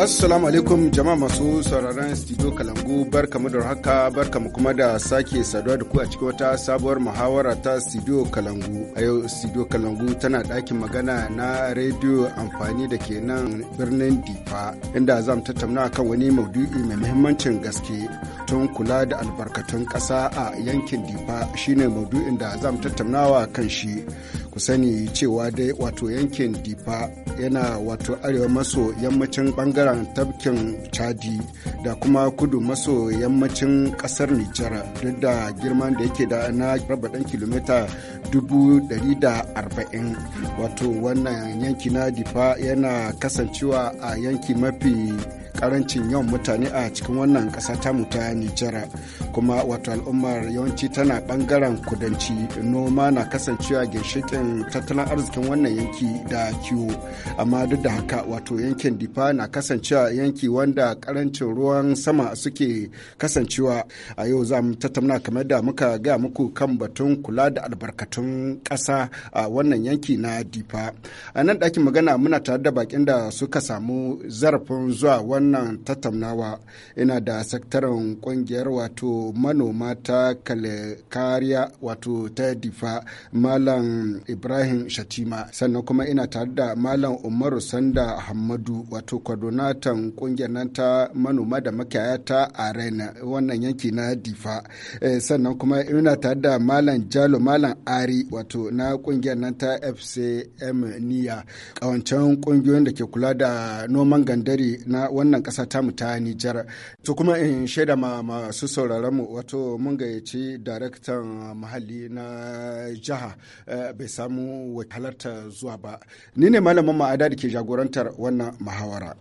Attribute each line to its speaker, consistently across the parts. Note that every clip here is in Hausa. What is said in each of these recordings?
Speaker 1: Assalamu alaikum jama'a masu sauraron studio Kalangu barkamu da haka mu kuma da sake saduwa da ku a cikin wata sabuwar muhawara ta studio Kalangu. A yau studio Kalangu tana ɗakin magana na rediyo amfani da ke nan birnin Difa inda za mu tattauna kan wani maudu'i mai muhimmancin gaske tun kula da albarkatun ƙasa a yankin Difa shine maudu'in da za mu tattaunawa kan shi. ku sani cewa dai wato yankin difa yana wato arewa maso yammacin bangaren tafkin chadi da kuma kudu maso yammacin kasar nijar duk da girman da yake da na raba dan kilomita 140 wato wannan yanki na difa yana kasancewa a yanki mafi karancin yawan mutane a cikin wannan kasa tamu ta Nijar kuma wato al'ummar yawanci tana bangaren kudanci noma na kasancewa ginshikin tattalin arzikin wannan yanki da kiwo amma duk da haka wato yankin Difa na kasancewa yanki wanda karancin ruwan sama suke kasancewa a yau za mu tattauna kamar da muka gaya muku kan batun kula da albarkatun kasa a wannan yanki na Difa a nan ɗakin magana muna tare da bakin da suka samu zarafin zuwa wannan wannan tattaunawa ina da sakataren kungiyar wato manoma ta kariya wato ta difa malam ibrahim shatima sannan kuma ina tare da malam umaru sanda hamadu wato kwadonatan kungiyar nan ta manoma da makiyaya ta arena wannan yanki na difa eh, sannan kuma ina tare da malam jalo malam ari wato na kungiyar nan ta fcm niya kawancan kungiyoyin da ke kula da noman gandari na wannan wannan ƙasa tamu ta Nijar. To kuma in shaida ma masu sauraron mu wato mun gayyaci daraktan muhalli na jiha eh, bai samu halarta zuwa ba. Ni ne malamin ma'ada da ke jagorantar wannan muhawara.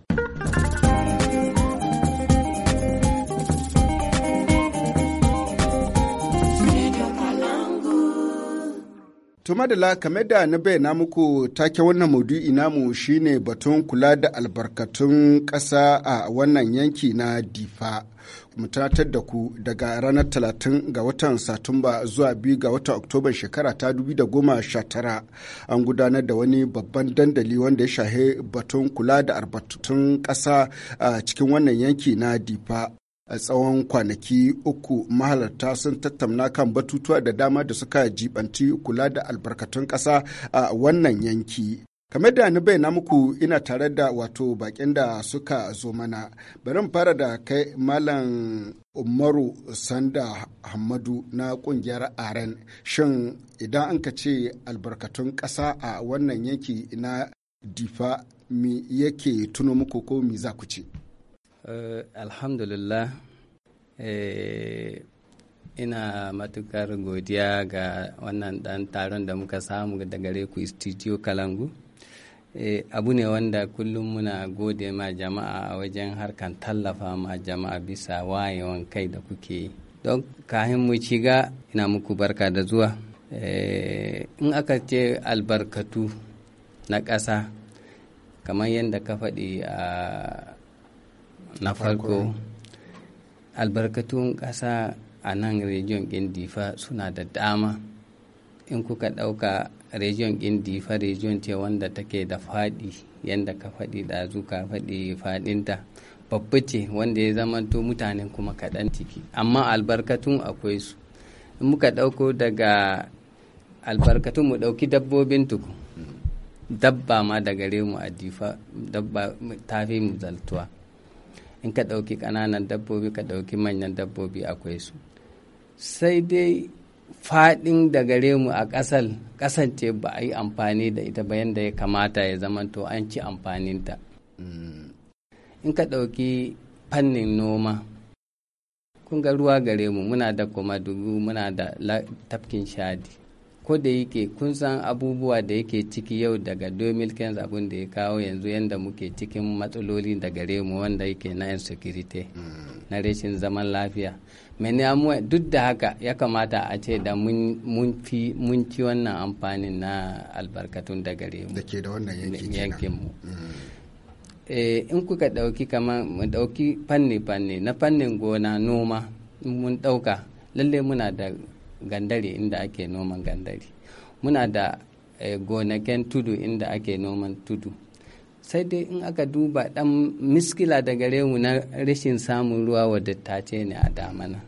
Speaker 1: To da la kamar da na bayyana muku take wannan maudu'i namu shine batun kula da albarkatun kasa a wannan yanki na Difa. mu tunatar da ku daga ranar talatin ga watan satumba zuwa biyu ga watan oktoban shekara ta dubi da sha tara an gudanar da wani babban dandali wanda ya shahe batun kula da albarkatun ƙasa a cikin wannan yanki na difa a tsawon kwanaki uku mahalarta sun tattauna kan batutuwa da dama da suka jibanci kula da albarkatun ƙasa a wannan yanki kamar da ni bayyana muku ina tare da wato bakin da suka zo mana bari fara da kai malam umaru sanda hamadu na kungiyar aren shin idan an ka ce albarkatun ƙasa a wannan yanki na difa mi yake tuno muku ko mi za ku ce
Speaker 2: Uh, alhamdulillah eh, ina matukar godiya ga wannan dan taron da muka samu da gare ku studio kalangu eh, abu ne wanda kullum muna gode ma jama'a a wajen harkan tallafa ma jama'a bisa wayewan kai da kuke yi don kahin mu ciga ina muku barka da zuwa eh, in aka ce albarkatu na ƙasa kamar yadda ka faɗi a uh, na farko albarkatun ƙasa a nan region ɗin difa suna da dama in kuka ɗauka rijiyon ɗin difa region ce wanda take da faɗi yadda ka faɗi ɗazu ka faɗi faɗinta babba ce wanda ya zama to mutane kuma kaɗan ciki amma albarkatun akwai su in muka ɗauko daga albarkatun mu ɗauki dabbobin tuku dabba ma daga remu a difa dabba ta mu zaltuwa in ka ɗauki ƙananan dabbobi ka ɗauki manyan dabbobi akwai su sai dai faɗin da gare mu a ƙasar kasance ba a yi amfani da ita ba yadda ya kamata ya zama to an ci amfaninta mm. in ka ɗauki fannin noma kun ga ruwa gare mu muna da dubu muna da tafkin shadi ko da yake kun san abubuwa da yake ciki yau daga 2015 abin da ya kawo yanzu yadda muke cikin matsaloli da gare mu wanda yake na insecurity na rashin zaman lafiya mene duk da haka ya kamata a ce da mun ci wannan amfanin na albarkatun da gare mu da ke da wannan yankin mu mm. eh, in kuka dauki kamar mu dauki fanni-fanni na fannin gona noma mun dauka lallai muna da gandare inda ake noman gandare muna da eh, gonaken tudu inda ake noman tudu sai dai in aka duba dan miskila da gare na rashin samun ruwa wadda ta ne a damana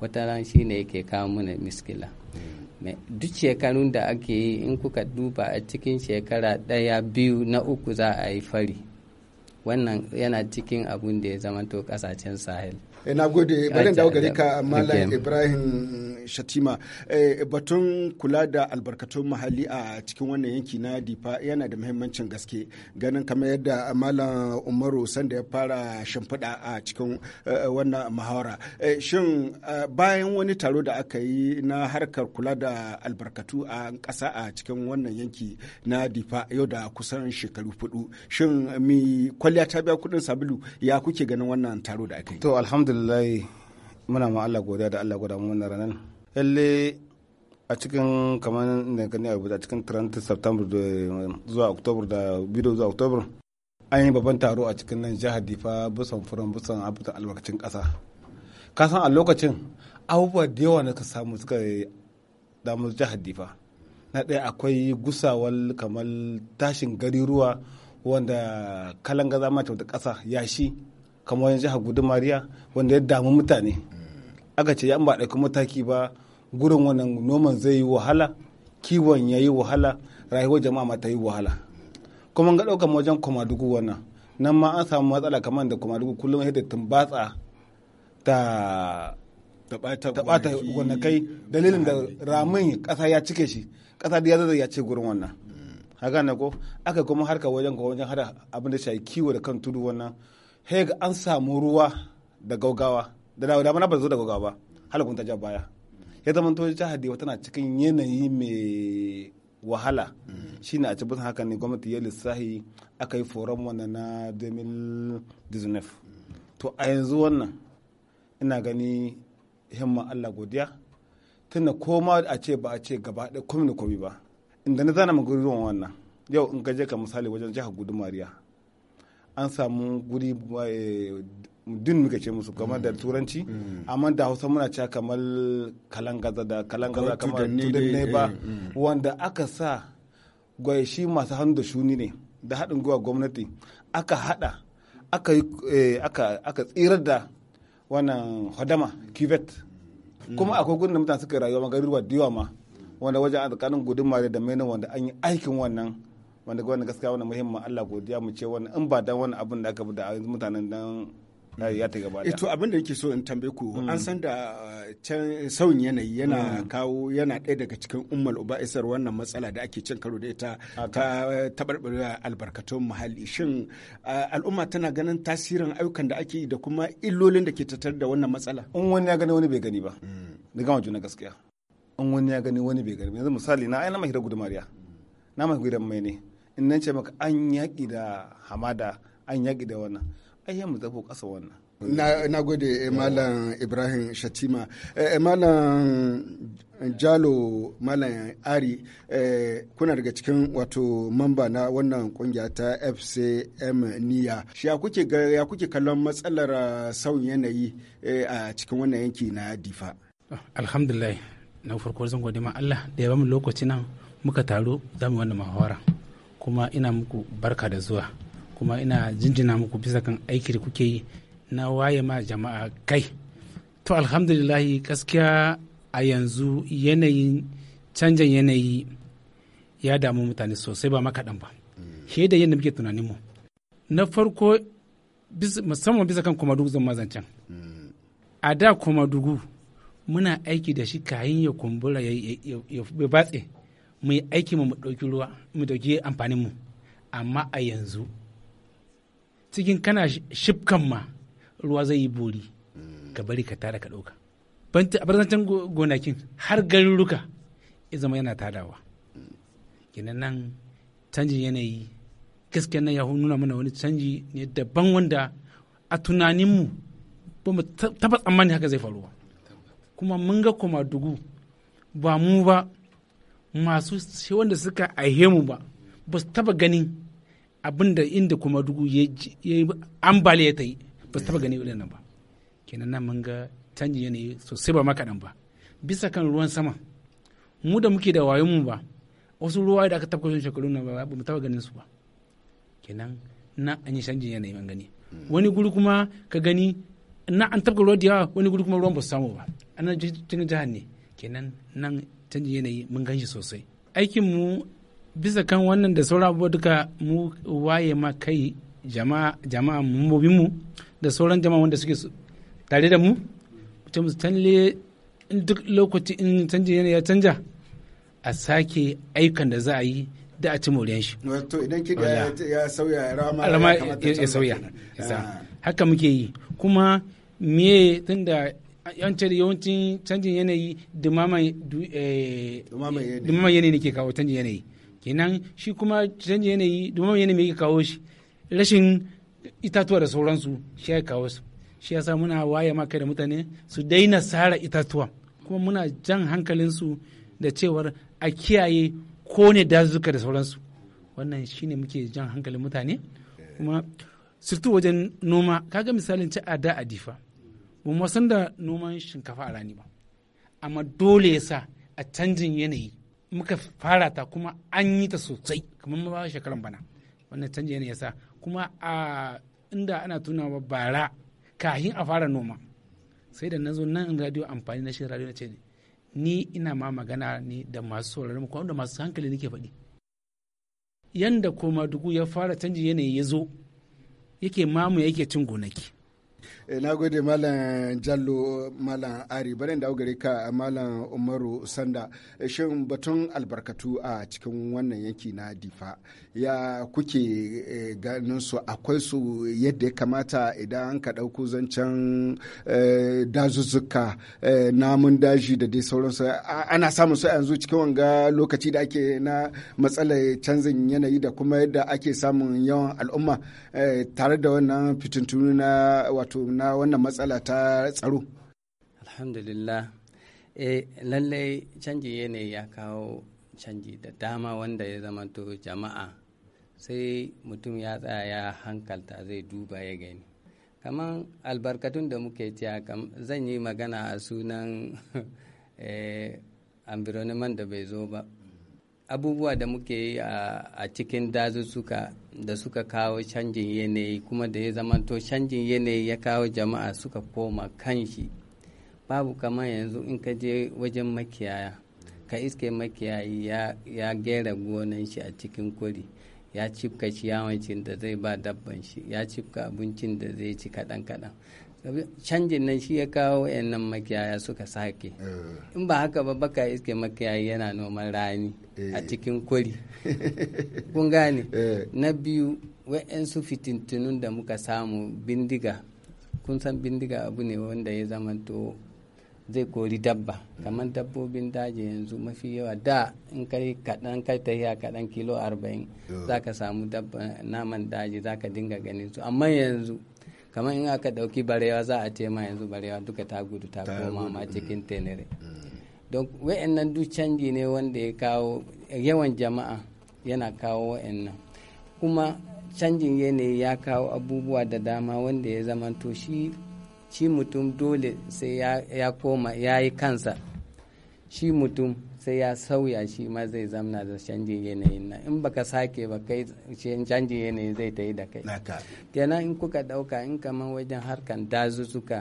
Speaker 2: wata ran shi ne yake kawo mana miskila hmm. duk shekarun da ake yi in kuka duba a cikin shekara ɗaya biyu na uku za a yi fari wannan yana cikin abun da ya zama to ƙasashen sahel Eh, na gode bari dawo gare ka malam
Speaker 1: ibrahim shatima eh, batun kula da albarkatun muhalli a cikin wannan yanki na difa yana da muhimmancin gaske ganin kamar yadda malam umaru sanda ya fara shimfiɗa a cikin eh, wannan muhawara shin bayan wani taro da aka yi na harkar kula da albarkatu a ƙasa a cikin wannan yanki na difa yau da kusan shekaru hudu shin mi kwalliya ta biya kuɗin sabulu ya kuke ganin wannan taro da aka yi alhamdulillah muna ma Allah godiya da Allah gwada mu ranar lalle a cikin kamar da kan abu a cikin 30 September zuwa October da bido zuwa October an yi babban taro a cikin nan jihar Difa busan furan busan abutan albarkacin kasa ka san a lokacin abubuwa da yawa na ka samu suka damu jihar Difa na ɗaya akwai gusawar kamar tashin gari ruwa wanda kalanga zama ta wata ƙasa yashi kamar wajen jihar gudun mariya wanda ya damu mutane aka ce yan ba ɗauki mataki ba gurin wannan noman zai yi wahala kiwon ya yi wahala rayuwar jama'a ma ta yi wahala kuma ga ɗaukar wajen komadugu wannan nan ma an samu matsala kamar da komadugu kullum yadda tun tumbatsa ta ta ɓata kai dalilin da ramin ƙasa ya cike shi ƙasa da ya zaza ya ce gurin wannan haka hmm. na ko aka kuma harka wajen ko wajen hada abin da shi kiwo da kan tudu wannan heg an samu ruwa da gaugawa da mana ba zo da gaugawa ba kun ta ja baya ya zama to jihar Dewa tana cikin yanayi mai wahala mm. shine a cikin haka ne gwamnati ya lissahi aka yi forum wannan na 2019 to a yanzu wannan ina gani himma Allah godiya tunda koma a ce ba a ce gaba da komi da komi ba inda na zana gurin wannan yau in ka je ka misali wajen jihar gudumariya an samu guri eh, din muka ce musu kamar da turanci mm. Mm. amma da hausa muna cewa kamar kalangaza da kalangaza kamar tudun ne ba eh, mm. wanda aka sa gwai shi masu hannu da shuni ne da haɗin gwiwa gwamnati aka haɗa aka eh, tsirar da wannan hodama kivet kuma akwai gudun da mutane suka rayuwa magarirwa da yawa ma wanda wajen a tsakanin gudun mare da mena wanda an yi aikin wannan wanda gwamnati gaskiya wani muhimmin Allah godiya mu ce wani in ba dan wani abin da aka bi da mutanen dan ya ta gaba da. Eh, abin da yake so in tambaye ku an mm. san da eh, can sauyin yanayi yana mm. kawo yana ɗaya daga cikin ummal uba isar wannan matsala da ake cin karo da ita ta eh, taɓarɓarewa albarkatun muhalli shin al'umma tana ganin tasirin ayyukan da ake yi da kuma illolin da ke tattare da wannan matsala. In wani ya gani wani bai gani ba. Mm. Ni gama juna gaskiya. In wani ya gani wani bai gani ba yanzu misali na ai na mahira gudumariya na mahira mai ne. in nan ce maka an yaƙi da hamada an yaƙi da wannan ai yamma zafo ƙasa wannan
Speaker 2: na, na gode eh, malam
Speaker 1: ibrahim shatima eh, eh, malam jalo malam ari kuna daga cikin wato mamba na wannan kungiya ta fcm niya ya kuke ya kuke kallon matsalar ah, sauyin yanayi a
Speaker 3: cikin wannan yanki na difa ah, alhamdulillah na farko zan gode ma allah da ya bamu lokaci nan muka taru zamu wannan muhawara kuma ina muku barka da zuwa kuma ina jinjina muku bisa kan aiki da kuke yi na waye ma jama'a kai to alhamdulillahi gaskiya a yanzu yanayin canjin yanayi ya damu mutane sosai ba makaɗan ba shi da yadda muke tunanin mu na farko musamman bisa kan kuma dugu zan a da kuma dugu muna aiki da shi kayan ya kumbura ya batse mu yi aiki mu ɗauki ruwa mu ɗauki amfanin mu amma a yanzu cikin kana shifkan ma ruwa zai yi buri ka bari ka tara ka ɗauka a barzancen gonakin har garuruka ya zama yana tadawa kenan nan canjin yanayi gaskiya nan ya nuna mana wani canji ne daban wanda a tunaninmu ba mu taba tsammani haka zai faru kuma mun ga koma dugu ba mu ba masu wanda suka aihe mu ba ba su taba gani abinda inda kuma dugu ya yi ya ta yi ba su taba gani nan ba kenan nan mun ga canji yanayi sosai ba makaɗan ba bisa kan ruwan sama mu da muke da wayo mu ba wasu ruwa da aka taba kwashe shekaru nan ba mu taba ganin su ba kenan na an yi canjin yanayi an gani wani guri kuma ka gani na an taba ruwa da yawa wani guri kuma ruwan ba su samu ba ana cikin jihar ne kenan nan canji yanayi mun ganshi sosai aikin mu bisa kan wannan da sauran abubuwa duka mu waye ma kai jama'a mumbobin mu da sauran jama'a wanda suke tare da mu mutum su tanle duk lokaci in canji yanayi ya canja a sake aikan da za a yi da a ci moriyan shi.
Speaker 1: Wato idan ki ya sauya rama ya
Speaker 3: sauya. Ah. Haka muke yi kuma me tunda yantar yawancin canjin yanayi dumama eh, yanayi ke kawo canjin yanayi kenan shi kuma canjin yanayi dumama yanayi mai kawo shi rashin itatuwa da sauransu shi ya kawo su shi yasa muna waye maka da mutane su daina sara itatuwa kuma muna jan hankalinsu da cewar a kiyaye ko dazuka da sauransu wannan shine muke jan hankalin mutane kuma surtu wajen noma kaga misalin ci a da a difa ba mu san da noman shinkafa a rani ba amma dole ya sa a canjin yanayi muka fara ta kuma an yi ta sosai kamar ba shekaran bana wannan canjin yanayi ya sa kuma a inda ana tunawa bara kahin a fara noma sai da nazo nan nan radio amfani na shi radio na ce ni ina ma magana ne da masu mu kuma da masu hankali nake faɗi yanda koma dugu ya fara canjin yanayi ya zo yake mamu yake cin gonaki
Speaker 1: Eh, na gode malam jallo malam ari bari da gare ka malam umaru sanda eh, shin batun albarkatu a cikin wannan yanki na difa ya kuke eh, ganin su akwai su yadda ya kamata idan an ka ɗauko zancen dazuzzuka namun daji da dai sauransu ana samun su yanzu cikin wanga lokaci da ake na matsalar canzin yanayi da kuma yadda ake samun yawan al'umma tare da wannan fitintunu na wato na wannan matsala ta tsaro?
Speaker 2: Alhamdulillah, e, lallai canji yanayi ya kawo canji da dama wanda ya zama to jama'a sai mutum ya tsaya ya hankalta zai duba ya gani. Kaman albarkatun da muke ciya zan yi magana a sunan eh, environment da bai zo ba abubuwa da muke yi a cikin dazuzzuka da suka kawo canjin yanayi kuma da ya zamanto canjin yanayi ya kawo jama'a suka koma kan shi babu kamar yanzu in ka je wajen makiyaya ka iske makiyayi ya gera gonan shi a cikin kuri ya cifka ciyawancin da zai ba dabban shi ya cifka abincin da zai ci kaɗan-kaɗan canjin nan shi ya kawo wayannan makiyaya suka sake eh. in ba haka ba baka iske makiyayi yana noman rani a eh. cikin kwari kun gane eh. na biyu wayansu fitintunun da muka samu bindiga kun san bindiga abu ne wanda ya zama to zai kori dabba kamar dabbobin daji yanzu mafi yawa da in kai kaɗan kai tahiya kaɗan kilo arba'in za ka samu dabba naman daji za ka dinga ganin su amma yanzu kamar in aka ɗauki barewa za a ce ma yanzu barewa duka ta gudu ta koma ma mm. cikin tenere mm. don wa'annan duk canji ne wanda ya kawo yawan jama'a yana kawo wa'annan kuma canjin yanayi ya kawo abubuwa da dama wanda ya to shi shi mutum dole sai ya koma ya yi kansa shi mutum sai ya sauya shi ma zai zamna da canjin yanayin nan in baka sake ba kai canjin yanayin zai ta yi da kai kenan in kuka dauka in kamar wajen harkan dazuzzuka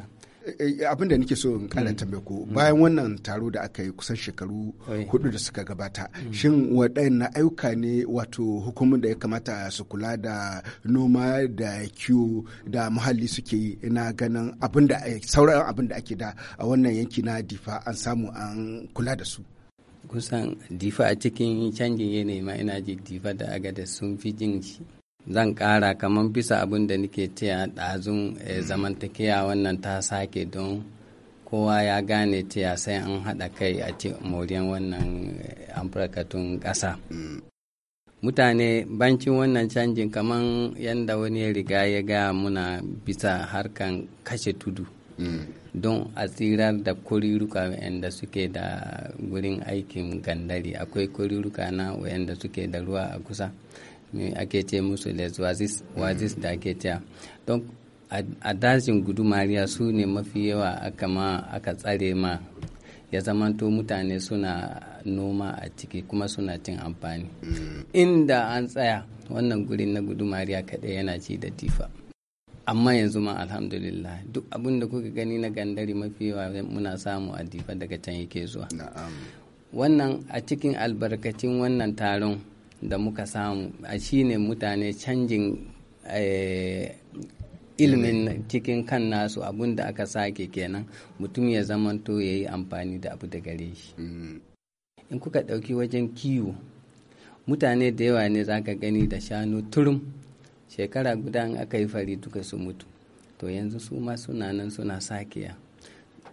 Speaker 1: eh, eh, abin da nike so in kara mm. tambaye ku mm. bayan wannan taro da aka yi kusan shekaru hudu da suka gabata mm. shin waɗannan ayyuka ne wato hukumar da ya kamata su kula da noma da kiwo da muhalli suke yi na ganin abin da eh, sauran abin da ake da a wannan yanki na difa an samu an kula da su
Speaker 2: kusan difa a cikin canjin yanayi ma ina ji difa da agada sun fi jin shi zan kara kamar bisa abin da nake cewa ɗazun eh, zamantakewa wannan ta sake don kowa ya gane cewa sai an haɗa kai a ce moriyan wannan eh, amfarkatun ƙasa mutane bancin wannan canjin kamar yadda wani ya riga ya gaya muna bisa harkan kashe tudu don a tsirar da kuriruka wayanda suke da gurin aikin gandari akwai kuriruka na wayanda suke da ruwa a kusa mai ake ce musu les wazis da ake cewa don a dajin gudumariya su ne mafi yawa aka ma aka tsare ma ya zamanto mutane suna noma a ciki kuma suna cin amfani mm. inda an tsaya wannan gurin na gudumariya kaɗai yana ci da tifa amma yanzu ma alhamdulillah duk abin da kuka gani na gandari mafi yawa muna samu a difa daga can yake zuwa wannan a cikin albarkacin wannan taron da muka samu a shine mutane canjin eh,
Speaker 3: ilimin
Speaker 2: cikin kan nasu abun da aka sake kenan mutum ya zamanto ya yi amfani da abu da gare shi mm. in kuka ɗauki wajen kiwo mutane da yawa ne za ka gani da shanu turum shekara guda in aka yi fari duka su mutu to yanzu su ma suna nan suna sakiya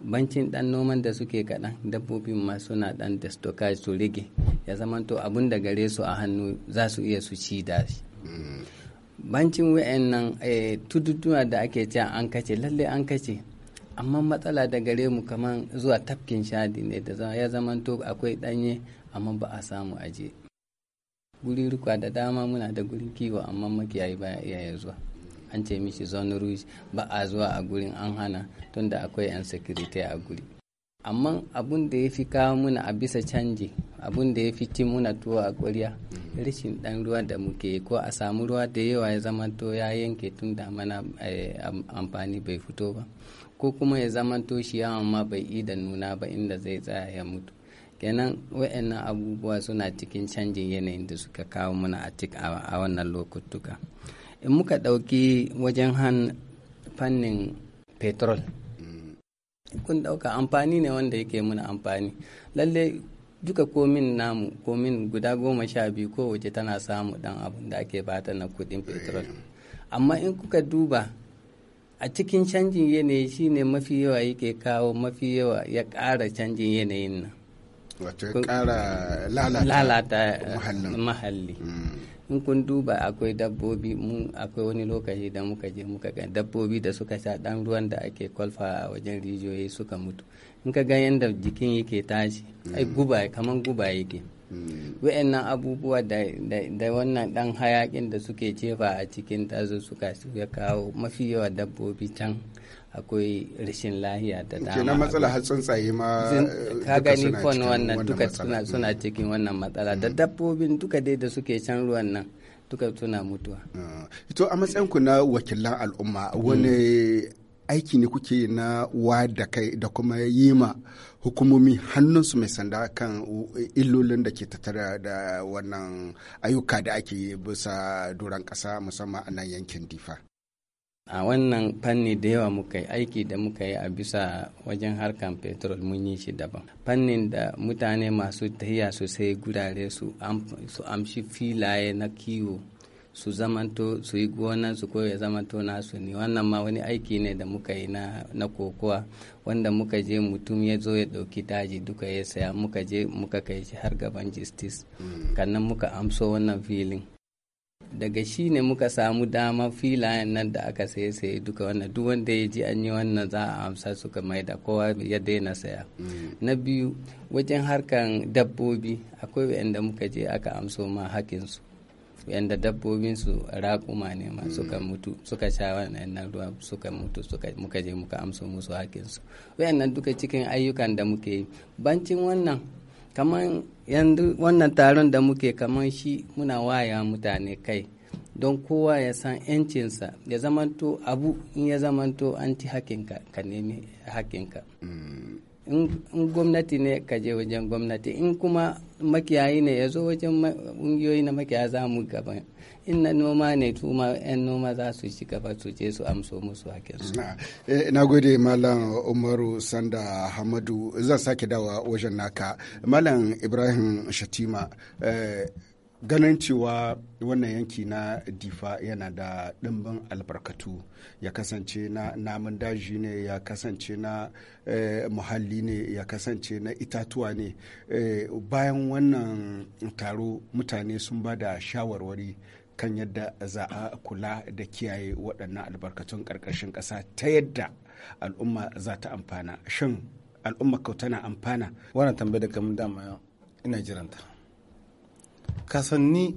Speaker 2: bancin dan noman da suke kaɗan dabbobin ma suna dan da stockage su rage ya zamanto abun da gare su a hannu za su iya su ci da shi bancin wa'annan eh, tututuwa da ake cewa an kace lalle an kace amma matsala da gare mu kamar zuwa tafkin shadi ne da ya zamanto akwai ɗanye amma ba a samu aje guri rukwa da dama muna da gurin kiwo amma makiyayi baya iya zuwa an ce mishi zone rouge ba a zuwa a gurin an hana tunda akwai yan security a guri amma abun da ya fi kawo muna a bisa canji abun da ya fi ci muna tuwo a ƙwarya rashin dan ruwa da muke ko a samu ruwa da yawa ya zama to ya yanke tun da mana eh, amfani bai fito ba ko kuma ya zama to shi yawan ma bai yi da nuna ba inda zai tsaya ya mutu kenan wa'annan abubuwa suna cikin canjin yanayin da suka kawo mana a wannan lokutuka in muka ɗauki wajen han fannin petrol kun ɗauka amfani ne wanda yake muna amfani lalle duka komin namu komin guda goma sha biyu ko kowace tana samu dan abun da ake bata na kuɗin petrol amma in kuka duba a cikin canjin yanayi shine mafi yawa yake kawo mafi yawa ya ƙara canjin yanayin nan wata kara lalata mahalli mm. in kun duba akwai dabbobi mun akwai wani lokaci da muka je muka ga dabbobi da suka sha dan ruwan da ake kwalfa a wajen rijiyoyi suka mutu in ka ga yadda jikin yake tashi mm. ai guba kaman guba yake mm. wa'annan abubuwa da wannan dan hayakin da suke cefa a cikin tazo suka ya kawo mafi yawa dabbobi can akwai rashin lahiya da dama kenan matsala har
Speaker 1: tsuntsaye ma eh, ka gani kon wannan duka
Speaker 2: suna mm. cikin wannan matsala da mm. dabbobin duka dai da suke can ruwan nan duka suna mutuwa mm. to a matsayin ku
Speaker 1: na wakilan al'umma wani aiki ne kuke na wa da kai da kuma yi ma hukumomi hannunsu mai sanda kan illolin da ke tattara da wannan ayyuka da ake bisa doron ƙasa musamman a nan yankin difa
Speaker 2: a wannan fanni da yawa muka yi aiki da muka yi a bisa wajen harkan petrol mun yi shi daban fannin da mutane masu tahiya sai gurare su amshi filaye na kiwo su zamanto su yi gonan su ko zamanto nasu ne wannan ma wani aiki ne da muka yi na, na kokowa wanda muka je mutum ya zo ya ɗauki daji duka ya saya muka je muka kai shi har gaban justice kannan hmm. muka amso wannan filin daga shi ne muka samu dama filayen nan da aka saye saye duka wannan duk wanda ya ji an yi wannan za a amsa suka da kowa ya daina saya mm. na biyu wajen harkan dabbobi akwai wanda muka je aka amso ma hakinsu yadda dabbobinsu raƙuma ne ma mm. suka mutu suka sha wannan ruwa suka mutu muka je muka amso musu hakinsu wayannan duka cikin ayyukan da muke yi bancin wannan kamar yanzu wannan taron da muke kamar shi muna waya mutane kai don kowa ya san 'yancinsa ya zamanto abu in ya zamanto an ci hakinka ka nemi hakinka mm. in gwamnati ne ka je wajen gwamnati in kuma makiyayi ne ya zo wajen ƙungiyoyi na makiyaya za mu gaban in na noma ne tuma 'yan noma za su ci gaba su je su amso musu su.
Speaker 1: Eh, na gode malam umaru sanda hamadu zan sake dawa wajen naka malam ibrahim shatima eh, ganin cewa wannan yanki na difa yana da ɗimbin albarkatu ya kasance na namun daji ne ya kasance na eh, muhalli ne ya kasance na itatuwa ne bayan wannan taro mutane sun ba da shawarwari kan yadda za a kula da kiyaye waɗannan albarkatun ƙarƙashin ƙasa ta yadda al'umma za ta amfana shin al'umma kau tana amfana wannan tambayar da kamun dama ina jiranta kasanni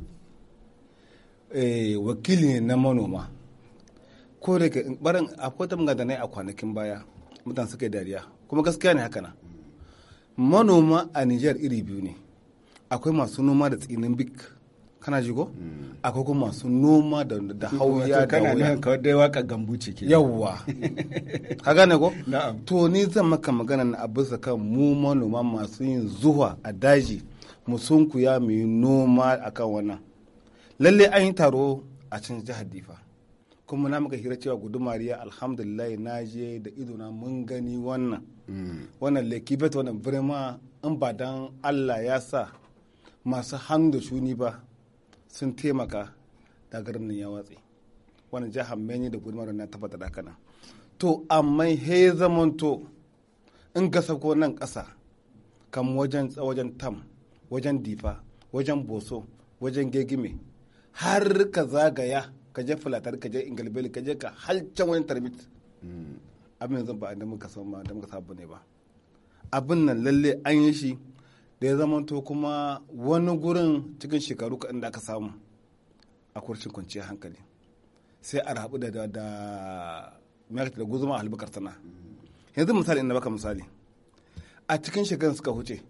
Speaker 1: eh, wakili ne na manoma ko da barin akwai ta magadanai a kwanakin baya mutane suka yi dariya kuma gaskiya ne haka na manoma a nijar iri biyu ne akwai masu noma da tsinin bik kana ji ko mm. akwai kuma masu noma da da hauya da kana nan ka dai waka gambu ce ke yawa ka gane ko to ni zan maka magana na sa kan mu manoma masu yin zuwa a daji mu ya mu noma akan wannan lalle an yi taro a cin jihar Difa kuma na maka hira cewa gudumariya alhamdulillah na je da idona mun gani wannan mm. wannan lekibet wannan vraiment in ba dan Allah ya sa masu hannu da shuni ba sun taimaka da garin nan ya watse wani jihar meni da gudumar na tabbata da haka to amma he zamanto in ka sako nan kasa kam wajen wajen tam wajen difa wajen boso wajen gegime har ka zagaya ka je filatar ka je ingalbeli ka je ka halcan wani tarmit mm. abin zan ba da muka san ba da muka sabu ne ba abin nan lalle an yi shi da ya to kuma wani gurin cikin shekaru kaɗan da aka samu a kurcin kwanciyar hankali sai a rabu da da da guzuma albukar sana yanzu misali ina baka misali a cikin shekarun suka huce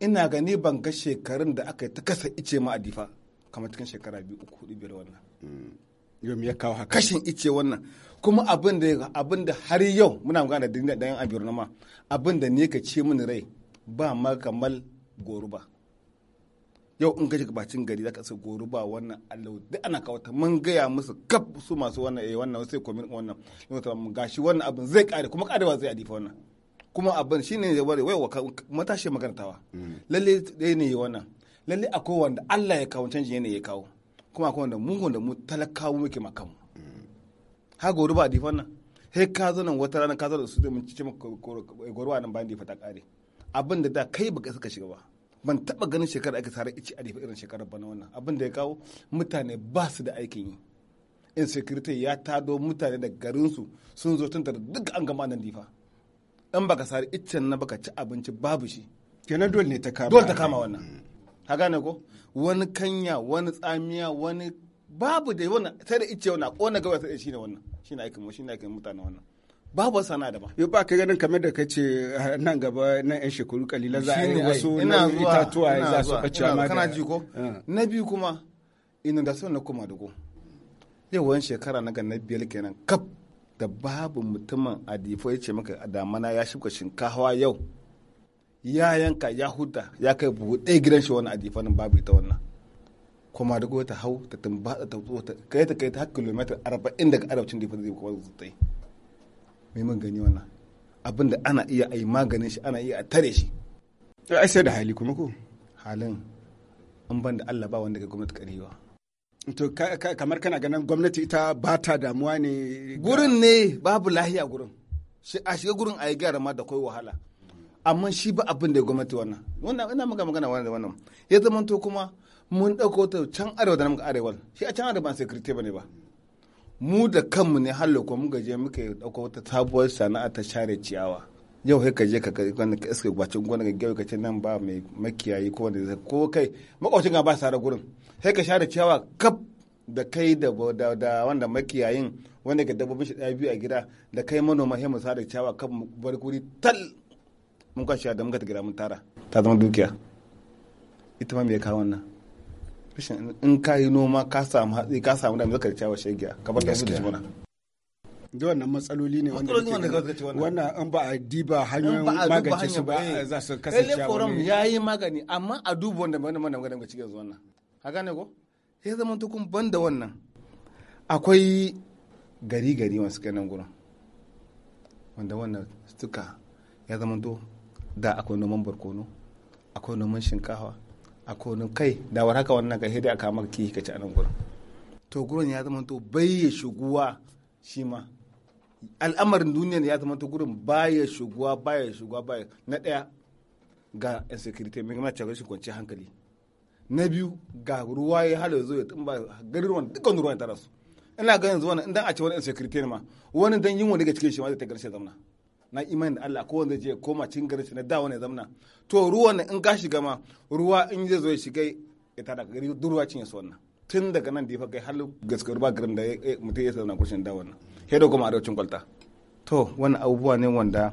Speaker 1: ina gani ban ga shekarun da aka yi ta kasa ice ma a difa kama cikin shekara biyu uku hudu biyar wannan mm. yau ya kawo haka kashin ice wannan kuma abin da abin da har yau muna magana da dan abirna ma abin da ne ka ce mini rai ba ma kamal goruba yau in gaji bacin gari zaka sai goruba wannan allo duk ana kawata mun gaya musu kaf su masu wannan eh wannan sai komin wannan gashi wannan abin zai kare kuma ba zai adifa wannan kuma abin shine ya bare wai matashi magantawa mm. lalle dai ne wannan lalle akwai wanda Allah ya kawo canji ne ya kawo kuma akwai wanda mu wanda mu talakawa muke makamu mm. ha goruba adifa wannan he ka zo nan wata rana ka zo da su zai mun ci goruba nan bayan da ya fata kare abin da da kai baka suka shiga ba ban taba ganin shekara ake tare ice a irin shekarar bana wannan abin da ya kawo mutane ba su da aikin yi insecurity ya tado mutane da garinsu sun zo tun duk an gama nan difa in baka sari iccen na baka ci abinci babu shi kenan dole ne ta kama dole ta kama wannan hmm. ka gane ko wani kanya wani tsamiya wani babu da wannan sai da icce wannan kona gawa sai shine wannan shine aikin mu shine aikin mutane wannan babu wasu da daban. Yau ba ka ganin kamar da ka ce eh, nan gaba nan yan shekaru kalila za a yi wasu itatuwa za su ɓace ma kana ji ko eh. na biyu kuma son na kuma dugo yau wani shekara na ga na biyar kenan kaf da babu mutumin difo ya ce maka damana ya shuka shinkawa yau ya yanka ya huta ya kai buhu ɗaya gidan shi wani difo nan babu ita wannan kuma dugo ta hau ta tumbatsa ta kai ta kai ta har kilomita arba'in daga arabcin difa zai kuma zai mai magani wannan abin da ana iya a yi maganin shi ana iya a tare shi ai sai da hali kuma ko halin an ban da Allah ba wanda ga gwamnati karewa to kamar kana ganin gwamnati ita ba ta damuwa ne gurin ne babu lahiya gurin a shiga gurin a yi gyara ma da kai wahala amma shi ba abin da gwamnati wannan wannan ina maka magana wannan wannan ya zama to kuma mun dauko ta can arewa da nan arewa shi a can arewa ba sai kirte bane ba mu da kanmu ne har ko muka je muka dauko wata sabuwar sana'a ta share ciyawa yau sai ka je ka kai ka iska gwacin gona ga gawo kace nan ba mai makiyayi ko wanda ko kai makwacin ga ba sare gurin sai ka share ciyawa kap da kai da da wanda makiyayin wanda ga dabbobin shi daya biyu a gida da kai manoma sai mu sare ciyawa kap mu bar guri tal mun kwashi da muka ta gida mun tara ta zama dukiya ita ma me ya kawo wannan in ka yi noma ka samu hatsi ka samu da zaka ciyawa shegiya ka bar da su da wannan matsaloli ne wanda wannan an ba a diba hanyoyin magance su ba eh. za su kasance wani forum ya yi magani amma a duba wanda wanda wanda wanda cikin gaza wannan ka gane ko ya zama tukun ban da wannan akwai gari gari masu kai nan gurin wanda wannan suka ya zama to da akwai noman barkono akwai noman shinkafa a konin kai da war haka wannan kai da aka maka ki ka ci anan gurin to gurin ya zama to bai ya shiguwa shi ma al'amarin duniya ya zama to gurin baya shiguwa baya shiguwa baya na daya ga insecurity mai gama cewa kwanci hankali na biyu ga ruwa ya hada zo ya tumba garin ruwan dukkan ruwan ta rasu ina ganin zuwa nan idan a ci wani insecurity ne ma wani dan wani daga cikin shi ma zai ta garshe zamana na imani da Allah ko wanda je koma cin garin na da wani zamna to ruwan in ka shiga ma ruwa in zai zo ya shiga ya tada gari durwa cinye su wannan tun daga nan da ya kai har gaskar ba garin da eh, mutum ya zauna kushin da wannan he da kuma arewacin kwalta to wani abubuwa ne wanda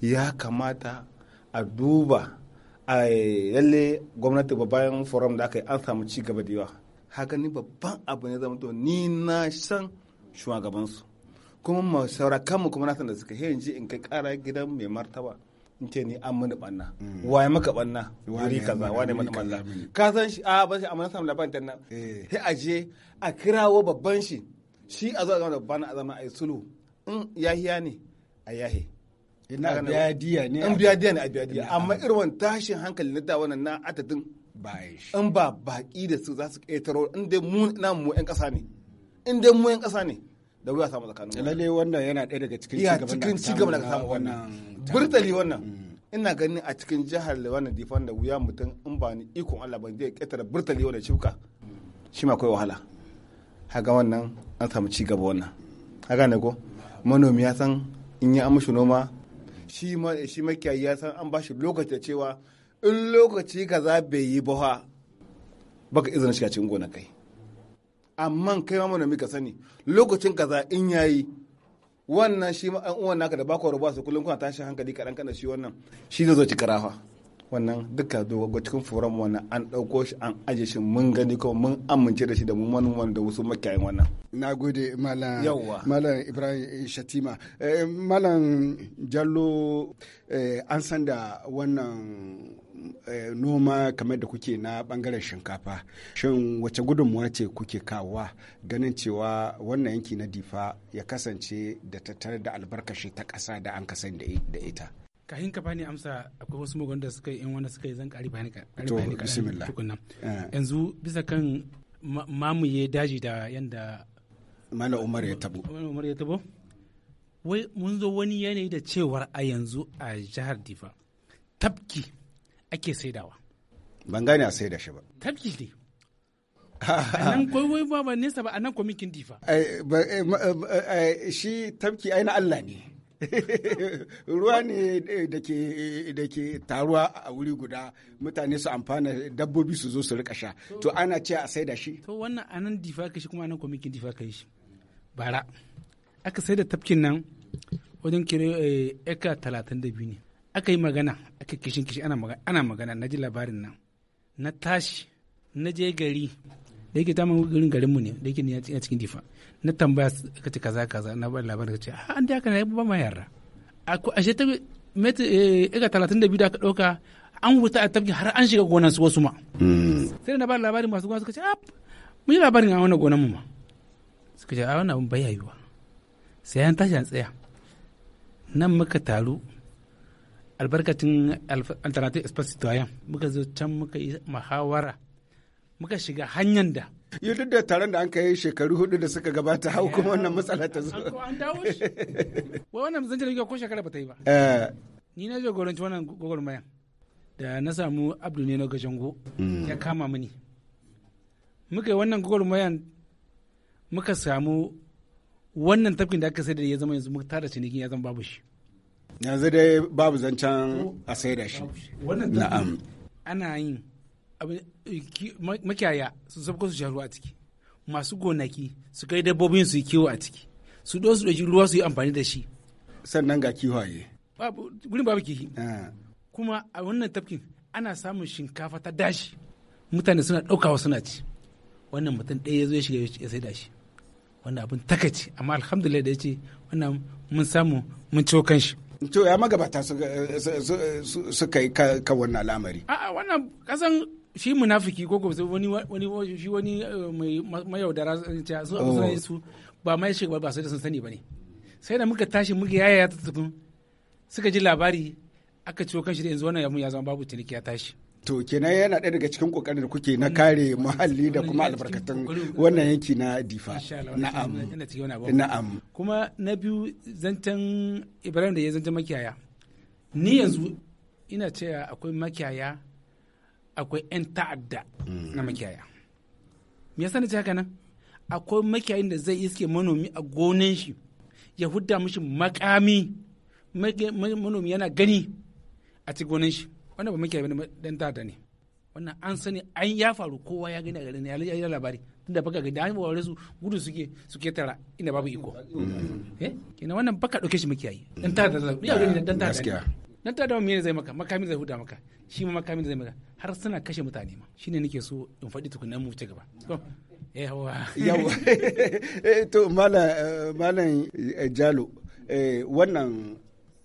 Speaker 1: ya kamata a duba a yalle gwamnati bayan forum da aka yi an samu ci gaba da yawa haka ni babban abu ne zama to ni na san shugabansu kuma saurakan mu kuma nasan da suka he in kai kara gidan mai martaba in ce ni an mini banna mm. waye maka banna wuri kaza wani maka banna ka san shi a ah, ba shi amma samu labarin tannan. Eh. sai he aje a kirawo babban shi shi a zo a zama babban a zama sulu in yahiya ne a yahi. ina biyadiya ne in biya diya ne a biya diya amma irin wani tashin hankali na da wannan na atadin in ba baki da su za su ƙetaro in dai mu na mu 'yan ƙasa ne in dai mu 'yan ƙasa ne da wuya samu tsakanin lalle wannan yana ɗaya daga cikin cikin cigaba da samu wannan burtali wannan mm. ina ganin a cikin jihar wannan difan da wuya mutum in ba ni ikon Allah ba zai ƙetare burtali wannan cibka. shi ma akwai wahala haga wannan an samu cigaba wannan haga ne ko manomi ya san in ya amshi noma shi ma shi makiyayi ya san an bashi lokaci cewa in lokaci kaza bai yi ba baka izinin shiga cikin gonakai amma kai ma mana muka sani lokacin kaza in yayi wannan shi ma an uwan naka da bako rubuwa su kullum kuna tashi hankali kadan kana shi wannan shi zai zo ci karafa wannan duka dogo cikin forum wannan an dauko shi an aje shi mun gani ko mun amince da shi da mu wani da wasu makiyayin wannan na gode malam malam ibrahim shatima eh, malam jallo eh, an san da wannan Eh, noma kamar da kuke na bangaren shinkafa shin wace gudunmuwa ce kuke kawowa ganin cewa wannan yanki na difa ya kasance da tattare da albarkashi ta ƙasa da an kasan da ita
Speaker 3: kahin ka bani amsa akwai wasu mugun da suka yi in wanda suka yi zan ƙari bani tukunna eh. yanzu bisa kan mamuye daji da yanda mana umar ya tabo umar ya tabo wai mun zo wani yanayi da cewar a yanzu a jihar difa tabki. ake saidawa
Speaker 1: ban gane a saida shi ba
Speaker 3: tabki ne nan kwaiwai ba ba nesa ba a nan kwamikin difa
Speaker 1: eh, eh, eh, shi tabki aina allah ne ruwa ne da ke taruwa a wuri guda mutane su amfana dabbobi su zo su rika sha to
Speaker 3: ana ce a saida shi to wannan anan difa ka shi kuma anan kwamikin difa ka shi bara aka saida tabkin nan wajen kire eka talatin da biyu ne aka yi magana aka kishin kishi ana magana ana magana na ji labarin nan na tashi na je gari da yake tamu garin garin mu ne da yake a cikin difa na tambaya ka ce kaza kaza na ba labarin ka ce a ah, an da haka na ba ma yarra a she ta e ega 32 da aka dauka an huta a tafki har an shiga gonan su wasu ma
Speaker 2: hmm.
Speaker 3: sai na ba labarin masu gona suka ce a mun yi labarin a wannan gonan mu ma suka ce a wannan abun bai yayuwa sai an tashi an tsaya nan muka taru albarkacin alternative space tuwayan muka zo can muka yi mahawara muka shiga hanyar da
Speaker 1: yi duk da taron da an kai shekaru hudu da suka gabata hau kuma wannan matsala ta zo
Speaker 3: an dawo shi wannan zan jirgin ko shekara ba ta yi ba eh. ni na jagoranci wannan gwagwarmayan da na samu abdu ne na gajango mm. ya kama mini muka yi wannan gwagwarmayan muka samu wannan tafkin da aka sai da ya zama yanzu muka tara cinikin ya zama babu shi
Speaker 1: yanzu dai babu zancen a sai da shi
Speaker 3: na'am ana yin makiyaya su sabko su sharu a ciki masu gonaki su kai dabbobin su yi kiwo a ciki su ɗo su ɗauki ruwa su yi amfani da shi sannan ga kiwaye gurin babu kihi ah. kuma a wannan tafkin ana samun shinkafa ta dashi mutane suna ɗaukawa suna ci wannan mutum ɗaya ya zo ya shiga ya sai dashi wannan abin takaci amma alhamdulillah da ya ce wannan mun samu mun ciwo kan shi
Speaker 1: To ya magabata suka yi ka wannan lamari?
Speaker 3: A'a wannan kasan shi munafiki ko ko wani wani shi wani eh, mai yaudara su a su ba mai shi ba su da sun sani ba ne. Sai da muka tashi muka yaya ta tukun suka ji labari aka ciwo kan shi da yanzu wannan ya zama babu ciniki ya tashi.
Speaker 1: to kenan yana ɗaya daga cikin ƙoƙarin da kuke na kare mm. muhalli da kuma albarkatun wannan yanki na difa
Speaker 3: na'am na'am kuma na biyu zantan ibrahim da ya zanta makiyaya ni yanzu ina cewa akwai makiyaya akwai 'yan ta'adda na mm. makiyaya me yasa na ce haka nan akwai makiyayin da zai iske manomi a gonan shi ya hudda mishi makami manomi yana gani a cikin gonan shi wanda ba muke dan tata ne wannan an sani an ya faru kowa ya gani a garin ya yi labari tunda baka ga dai wa su gudu suke suke tara inda babu iko mm. eh kina wannan baka dauke shi muke yi dan tata ya gani dan tata gaskiya dan tata me zai maka makamin zai huda maka shi ma makamin zai maka har suna kashe mutane ma shine nake so in faɗi tukunan mu ci gaba yawa eh, yawa
Speaker 1: eh, to malam eh, jalo wannan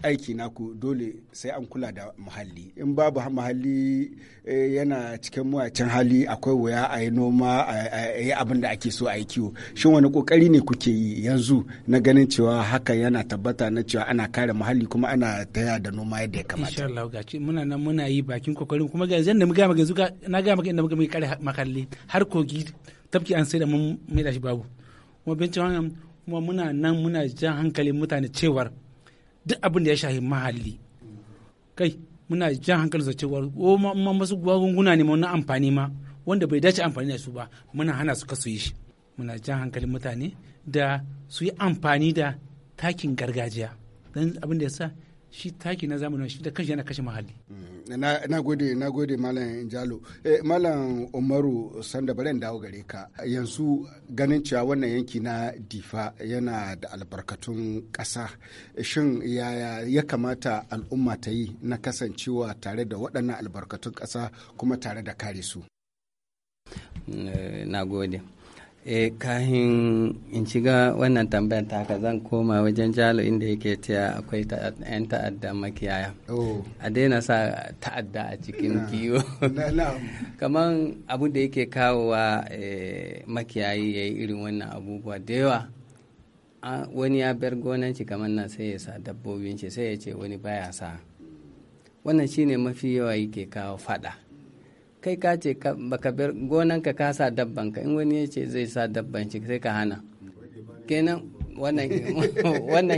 Speaker 1: aiki naku dole sai an kula da muhalli in babu muhalli eh, yana cikin mawacin hali akwai wuya a yi noma a yi abin da ake so a yi kiwo shin wani kokari ne kuke yi yanzu na ganin cewa haka yana tabbata na cewa ana kare muhalli kuma ana taya da noma yadda ya kamata
Speaker 2: insha Allah
Speaker 3: gaci muna nan muna yi bakin kokarin kuma ga yanzu da muka yanzu na ga maka inda muka kare muhalli har kogi tafki an sai da mun mai da shi babu kuma bincin wannan kuma muna nan muna jan hankalin mutane cewar duk abin da ya shahi mahalli kai muna jan hankali da cewa ma masu magunguna ne na amfani ma wanda bai dace amfani da su ba muna hana su kasu shi muna jan hankalin mutane da su yi amfani da takin gargajiya don abin da ya sa shi taki na zamani shi da kashi yana kashe muhalli.
Speaker 1: Mm, na gode, na gode Malam Jalo. Eh, Malam Umaru Sanda bari dawo gare ka. Yanzu ganin cewa wannan yanki na Difa yana da albarkatun ƙasa. Shin yaya ya kamata al'umma ta yi na kasancewa tare da waɗannan albarkatun ƙasa kuma tare da kare su?
Speaker 2: Mm, eh, na gode. eh kahin in shiga wannan tambayar taka zan koma wajen jalo inda yake cewa akwai 'yan ta'adda makiyaya. Oh. A daina sa ta'adda a cikin kiwo. Kamar abu da yake kawowa eh, makiyayi ya yi irin wannan abubuwa da yawa. Wani ya bar gonan shi kamar nan sai ya sa dabbobin shi sai ya ce wani baya sa. Wannan shine mafi yawa yake kawo fada. kai ka ce baka bar gonanka ka sa dabbanka in wani ya ce zai sa dabban shi sai ka hana kenan wannan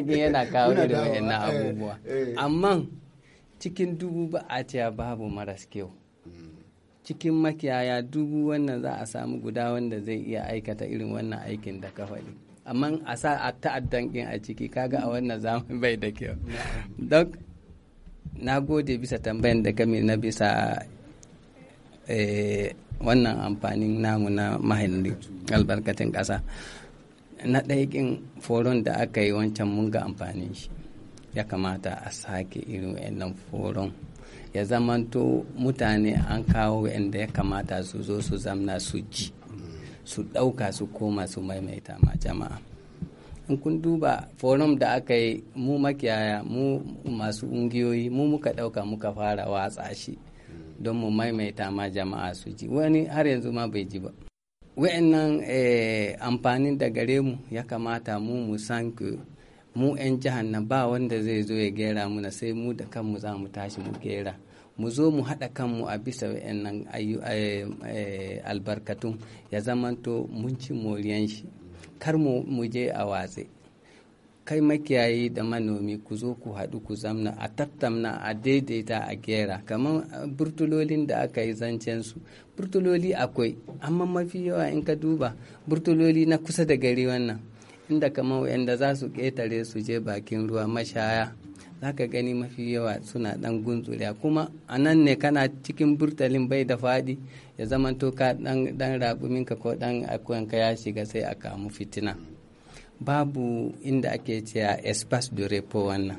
Speaker 2: gin yana kawo irin wayannan abubuwa eh, eh, eh. amma cikin dubu ba a ce babu maras kyau hmm. cikin makiyaya dubu wannan za a samu guda wanda zai iya aikata irin wannan aikin da ka faɗi amma a sa a ta'addan ɗin a ciki kaga a wannan zamani bai da kyau don na gode bisa tambayan da kami na bisa Eh, wannan amfanin namu na mahalli albarkatun ƙasa na ɗaikin foron da aka yi wancan mun ga amfanin shi ya kamata a sake irin wannan foron ya zamanto mutane an kawo inda ya kamata su zo su zamna su ji su ɗauka su koma su maimaita ma jama'a in kun duba forum da aka yi mu makiyaya mu masu ungiyoyi mu muka ɗauka muka fara watsa shi don mu maimaita ma jama'a su ji wani har yanzu ma bai ji ba wa'annan eh, amfanin da gare mu ya kamata mu mu san mu 'yan jihar na ba wanda zai zo ya gera muna sai mu da kanmu za mu tashi mu gera mu zo mu haɗa kanmu a bisa wa'annan eh, eh, albarkatun ya zamanto mun ci moriyan shi kar mu je a watse kai makiyayi da manomi ku zo ku haɗu ku zamna a tattamna a daidaita a gera kamar eh, burtulolin da aka yi zancen su burtuloli akwai amma mafi yawa in ka duba burtuloli na kusa da gari wannan inda kamar wanda za su ƙetare su je bakin ruwa mashaya za ka gani mafi yawa suna ɗan gunzuriya kuma a nan ne kana cikin burtalin bai da faɗi ya zamanto ka ɗan raƙuminka ko ɗan akwanka ya shiga sai a kamu fitina babu inda ake cewa espace de repo wannan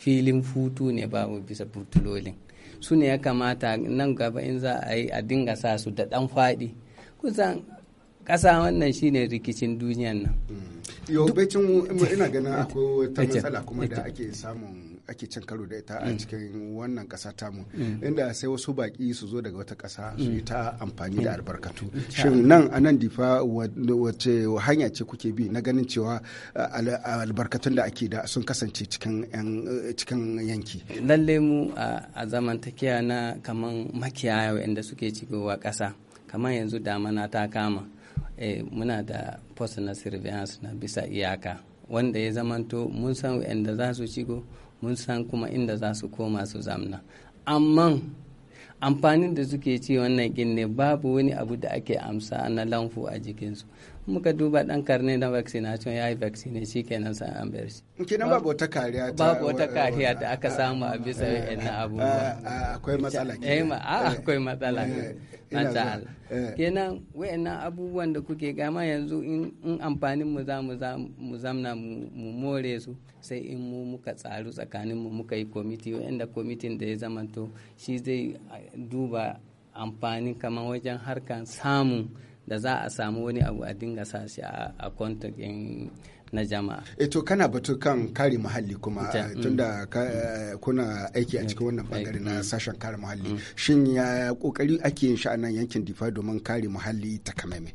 Speaker 2: filin futu ne babu bisa butulolin su ne ya kamata nan gaba in za a yi a dinga sa su da dan faɗi kusan ƙasa wannan shine rikicin duniyan nan
Speaker 1: mm. yau ina ganin akwai wata matsala kuma da ake samun ake cin karo da ita a mm. cikin wannan kasa tamu mm. inda sai wasu baki su zo daga wata kasa su yi mm. ta amfani da albarkatu shin nan a nan difa wace hanya ce kuke bi na ganin cewa albarkatun da ake da sun kasance cikin yanki
Speaker 2: lalle mu a zamantakiya na kaman makiyaya wanda suke cigowa kasa kamar yanzu damana ta kama eh, muna da post na surveillance na bisa iyaka wanda ya zamanto mun san wa'anda za su shigo mun san kuma inda za su koma su zamna amma amfanin da suke ci wannan ginne babu wani abu da ake amsa na lamfu a jikinsu muka duba dan karne na vaccination ya yi vaccine shi kenan sai an bar shi kenan babu wata kariya ta babu wata kariya da aka samu a bisa eh, wannan eh, abubuwa eh, akwai matsala eh ma ah, akwai matsala ke nan matsala kenan wayannan abubuwan da kuke gama yanzu in amfanin mu za mu zamna mu more su sai in mu muka tsaru tsakanin mu muka yi komiti wayanda komitin da ya zamanto shi zai duba amfani kamar wajen harkan samun da za a samu wani abu a dinga sa shi a kontak na jama'a.
Speaker 1: E to kana batu kan kare muhalli kuma mm. tunda eh, kuna aiki a cikin wannan bangare na sashen kare muhalli mm. shin ya kokari ake yin sha'anan yankin difa domin kare muhalli
Speaker 2: takamaimai.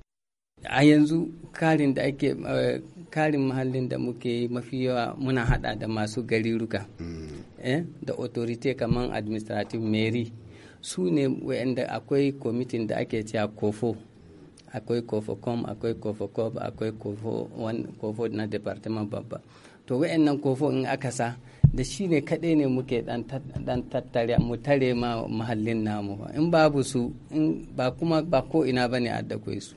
Speaker 2: a yanzu karin da ake eh, karin muhallin da muke mafi yawa muna hada da masu gariruka mm. da authority kamar administrative mary su ne wa'anda akwai kwamitin da ake cewa kofo akwai kofocom akwai kofocob akwai kofo kofo na departament babba to wayannan kofo in aka sa da shi ne kaɗai ne muke ɗan tattare mu tare ma mahallin namu in babu su in ba kuma ba ko ina ba ne su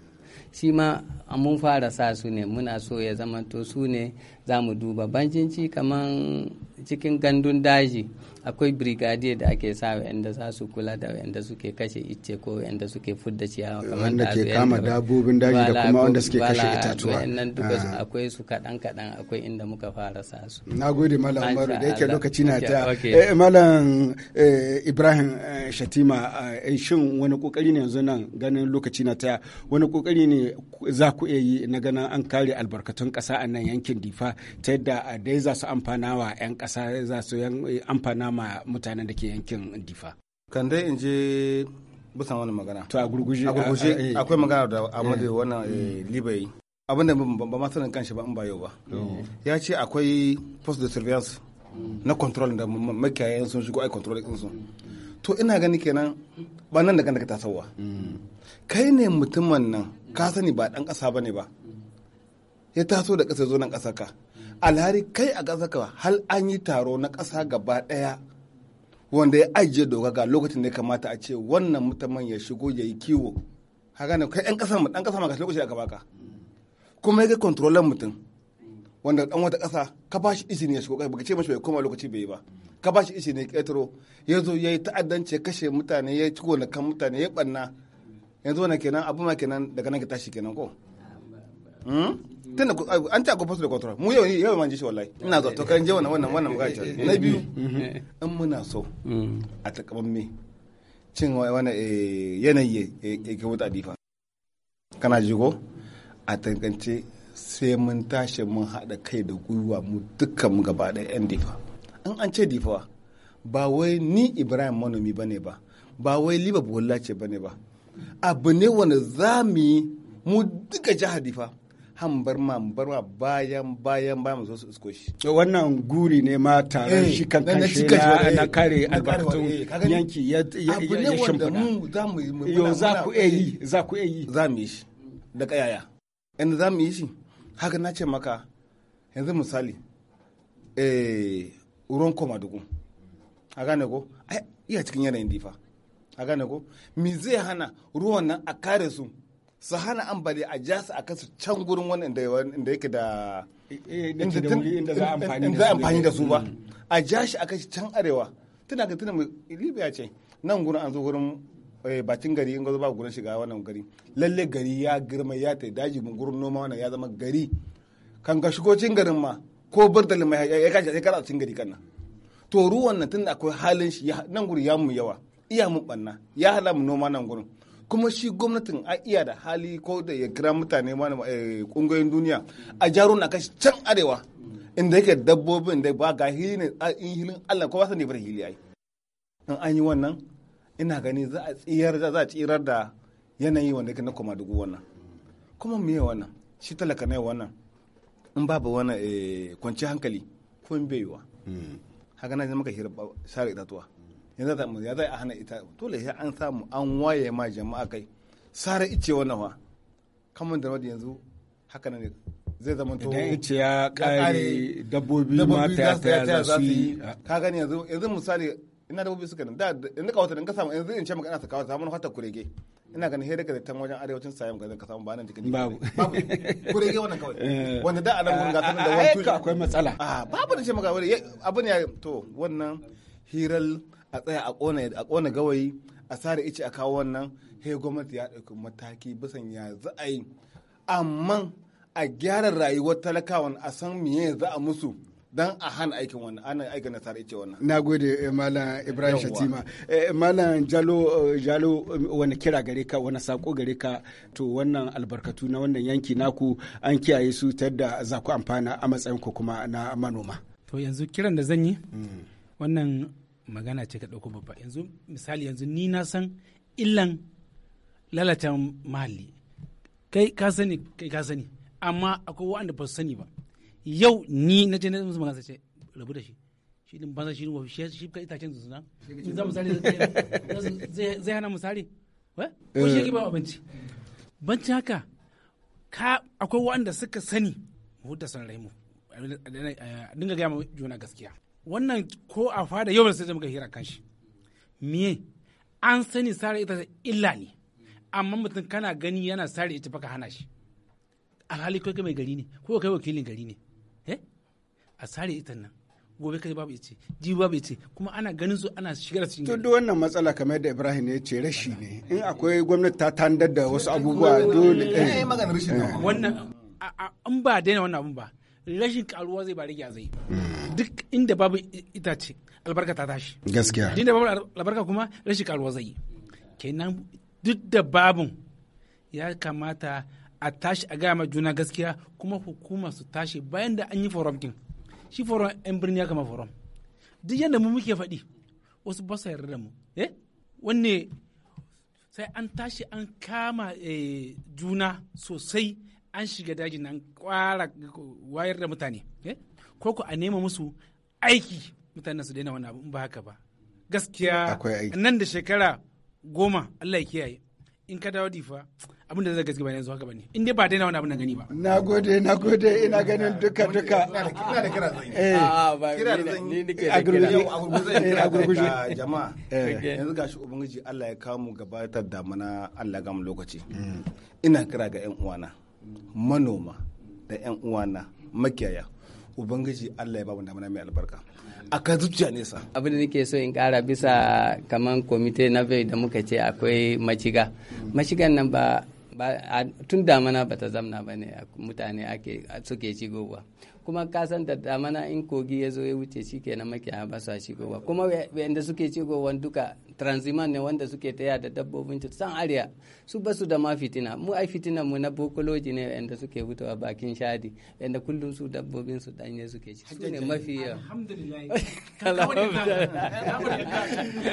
Speaker 2: shi ma mun fara sa su ne muna so ya zamanto su ne za mu duba bancinci kamar cikin gandun daji akwai brigadier da ake sa wa'anda za su kula da wa'anda suke kashe icce ko wa'anda suke fudda ciyawa kamar wanda ke kama dabobin daji da kuma wanda suke kashe itatuwa wa'annan duka ah. akwai su kadan kadan akwai inda muka fara sa su na gode malam umaru da yake lokaci na ta eh,
Speaker 1: malam eh, ibrahim eh, shatima shin wani kokari ne yanzu nan ganin lokaci na ta wani kokari ne za ku iya yi na ganin an kare albarkatun kasa a nan yankin difa ta yadda ah, dai za su amfana wa 'yan ƙasa za su eh, amfana ma mutanen da ke yankin difa kan dai in je bisa wani magana to a gurguje a gurguje ah, eh. akwai magana da amadu wannan eh, mm. libai abin da ba ma sanin kanshi ba in ba yau ba mm. ya ce akwai post de surveillance mm. na control da makiyayen sun shigo ai control din sun to ina gani kenan ba nan daga daga tasowa kai ne mutumin nan ka sani ba dan kasa bane ba ya taso da ƙasa zo nan ƙasa ka alhari kai a ƙasa ka hal an yi taro na ƙasa gaba ɗaya wanda ya ajiye doka ga lokacin da ya kamata a ce wannan mutumin ya shigo ya yi kiwo haka ne kai ɗan ƙasa mu ɗan ƙasa ma ka lokaci aka baka kuma ya ga kontrolan mutum wanda ɗan wata ƙasa ka ba shi izini ya shigo kai baka ce mashi bai koma lokaci bai yi ba ka ba shi izini ƙetaro ya zo ya yi ta'addance kashe mutane ya ci gonakan mutane ya ɓanna yanzu wani kenan abu ma kenan daga nan ka tashi kenan ko hmm? tunda an ta gofa da control mu yau yau ma ji shi wallahi ina zo to kan je wannan wannan wannan magana na biyu mm-hmm. in muna so mm. a takaban me cin wani eh, yanayi ke wuta difa kana jigo a tankance sai mun tashi mun haɗa kai da gwiwa mu dukkan mu gaba ɗaya 'yan difa in an ce difa ba wai ni ibrahim manomi bane ba ba wai liba buwalla ce bane ba abu ne wanda za mu yi mu duka jihar difa hambar mambar ma ma bayan bayan ba mu zo su isko shi wannan guri ne ma tare eh, shi kan kashe na kare albarkatun yanki ya shimfiɗa yo za ku yi za ku yi za mu yi shi da kayaya yanzu za mu yi shi haka na ce maka yanzu misali eh ruwan koma dugu a gane ko ai iya cikin yanayin difa a gane ko me zai hana ruwan nan a kare su su hana bari a ja su a kasu can gurin wani inda yake da eh, eh, inda za a amfani da su ba mm. a ja shi a kasu can arewa tana ka tuna libya ce nan gurin an zo gurin eh, bakin gari in ba gurin shiga wannan gari lalle gari ya girma ya ta daji mun gurin noma wannan ya zama gari kan ga shigocin garin ma ko bardal mai ya kashi ya kara cin gari kanna to ruwan nan da akwai halin shi nan gurin ya mu yawa iya mu banna ya hala mu noma nan gurin kuma shi gwamnatin a iya da hali ko da ya kira mutane ma kungiyoyin eh, duniya a jaro na kashi can arewa inda yake dabbobin da ba ga a in hilin Allah ko ba sani bar hili ai in an yi wannan ina gani za a tsiyar za a tsirar da yanayi wanda yake na koma dugu wannan kuma me wannan shi talaka ne wannan in babu wannan eh, kwanci hankali ko in bai wa. haka na zama ka hira sare itatuwa yanzu ta mu ya zai a hana ita dole sai an samu an waye ma jama'a kai sare ice wannan fa kamar da yanzu haka ne zai zama to idan ice ya kare dabbobi ma ta ta za su yi ka gani yanzu yanzu misali ina dabbobi suka nan da in ka wata in ka samu yanzu in ce maka ina sakawa samu hata kurege ina ganin hira ka ta wajen arewacin sayan ga ka samu banan cikin babu babu kurege wannan kawai eh. wanda da anan ga gatan da wani akwai matsala a ah, babu da ce maka abu ne to wannan hirar a tsaya a kona a kona gawayi a sare ice a kawo wannan he gwamnati ya ɗauki mataki bisan ya za a yi amma a gyara rayuwar talakawan a san miye za a musu dan a hana aikin wannan ana aika sare ice wannan na gode eh, malam ibrahim shatima eh, malam jalo eh, jalo um, wani kira gare ka wani sako gare ka to wannan albarkatu na wannan yanki naku an kiyaye su ta yadda za ku amfana a matsayin ku kuma na
Speaker 3: manoma to yanzu kiran da zan yi mm. wannan magana ce ka ɗauko babba yanzu misali yanzu ni na san illan lalata mahalli kai ka sani kai ka sani amma akwai waɗanda ba su sani ba yau ni na ce na musu magana ce rabu da shi shi din banza shi wa shi ka ita ce zuna za mu zai hana misali
Speaker 2: sare ko shi ki ba abinci
Speaker 3: banci haka ka akwai waɗanda suka sani mu da san raimu dinga gaya ma juna gaskiya wannan ko a fada yau sai muka hira kashi miye an sani sare ita illa ne amma mutum kana gani yana sare ita baka hana shi alhali kai mai gari ne ko kai wakilin gari ne eh? a sare ita nan gobe kai babu ita ji babu ita kuma ana ganin su ana shigar cikin to duk wannan
Speaker 1: matsala kamar yadda Ibrahim ya ce rashi ne in akwai gwamnati ta tandar da wasu abubuwa dole eh maganar eh. rashin
Speaker 3: wannan an ba daina wannan abun ba rashin karuwa zai ba rage zai duk inda babu itace albarka ta tashi gaskiya duk inda babu albarka kuma rashin karuwa zai kenan duk da babun ya kamata a tashi a gama ma juna gaskiya kuma hukuma su tashi bayan da an yi forum din shi forum yan birni ya kama forum duk yadda mu muke faɗi wasu ba su yarda da mu eh wanne sai an tashi an kama eh, juna sosai an shiga daji nan kwara wayar da mutane eh? ko ku a nema musu aiki mutanen su daina wani abu ba haka ba gaskiya nan da shekara goma Allah ya kiyaye in ka dawo difa abin da zai gaske ba yanzu haka ne in dai ba daina wani abu na gani ba
Speaker 1: na gode na gode ina ganin duka duka ina da
Speaker 3: kira zan yi eh. ah, kira da zan yi a gurgushi eh, jama'a yanzu
Speaker 1: gashi ubangiji Allah ya kawo mu gabatar da mana Allah ga mu lokaci ina kira ga yan uwana manoma da 'yan uwana makiyaya ubangiji allah ya ba mu damana mai albarka
Speaker 2: a kan zuciya nesa abin da nake so in kara bisa kaman komite na bai da muka ce akwai maciga macigan nan ba tun damana ba ta zamna ba ne mutane suke shigowa kuma kasan da damana in kogi ya zo ya wuce shi na makiyaya ba su shigowa kuma wanda suke shigowa duka transiman ne wanda suke taya da dabbobin ta san arya su basu da ma fitina mu ai fitina mu na bokoloji ne yanda suke fitowa bakin shadi yanda kullum su dabbobin su danye suke ci su ne mafi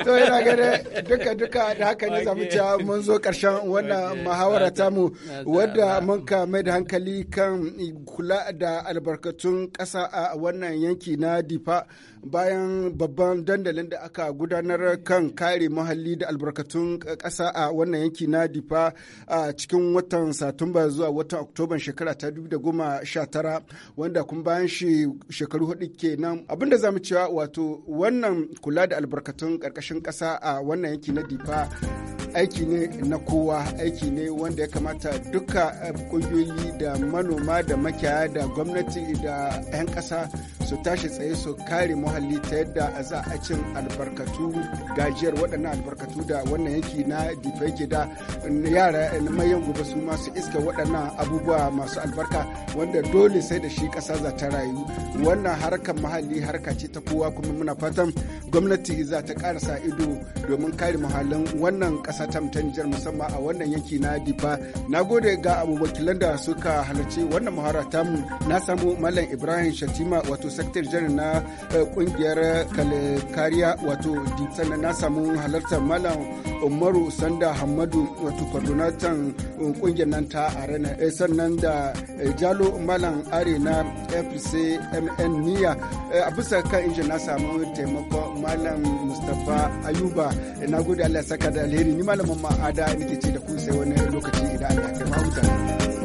Speaker 2: to ina gare
Speaker 1: duka duka da haka ne zamu ci ah, mun zo karshen wannan muhawara mu wadda mun ka mai da hankali kan kula da albarkatun kasa a wannan yanki na difa bayan babban dandalin da aka gudanar kan kare muhalli da albarkatun kasa a wannan yanki na difa a cikin watan satumba zuwa watan oktoban shekara ta tara wanda kuma bayan shi shekaru hudu kenan abinda zamu cewa wato wannan kula da albarkatun ƙarƙashin ƙasa a wannan yanki na difa aiki ne na kowa aiki ne wanda ya kamata duka eh, ƙungiyoyi da manoma da makiyaya da gwamnati da 'yan kasa. su tashi tsaye su kare muhalli ta yadda a za a cin albarkatu gajiyar waɗannan albarkatu da wannan yanki na difa yake da yara na mayan gobe su masu iska waɗannan abubuwa masu albarka wanda dole sai da shi ƙasa za ta rayu wannan harkar muhalli harka ce ta kowa kuma muna fatan gwamnati za ta ƙara sa ido domin kare muhallin wannan ƙasa ta musamman a wannan yanki na difa na gode ga abubakilan da suka halarci wannan muhara tamu na samu Mallam ibrahim shatima wato sakatar janar na eh, kungiyar kariya wato sannan na samu halartar malam umaru sanda hamadu wato coordinator eh, kungiyar nan ta arena eh, sannan da jalo malam are na fcmn niya a bisa kan injin na samu taimakon malam mustapha ayuba na gode allah saka da alheri ni malamin ma'ada nake ce da ku sai wani lokaci idan allah ya kai mahuta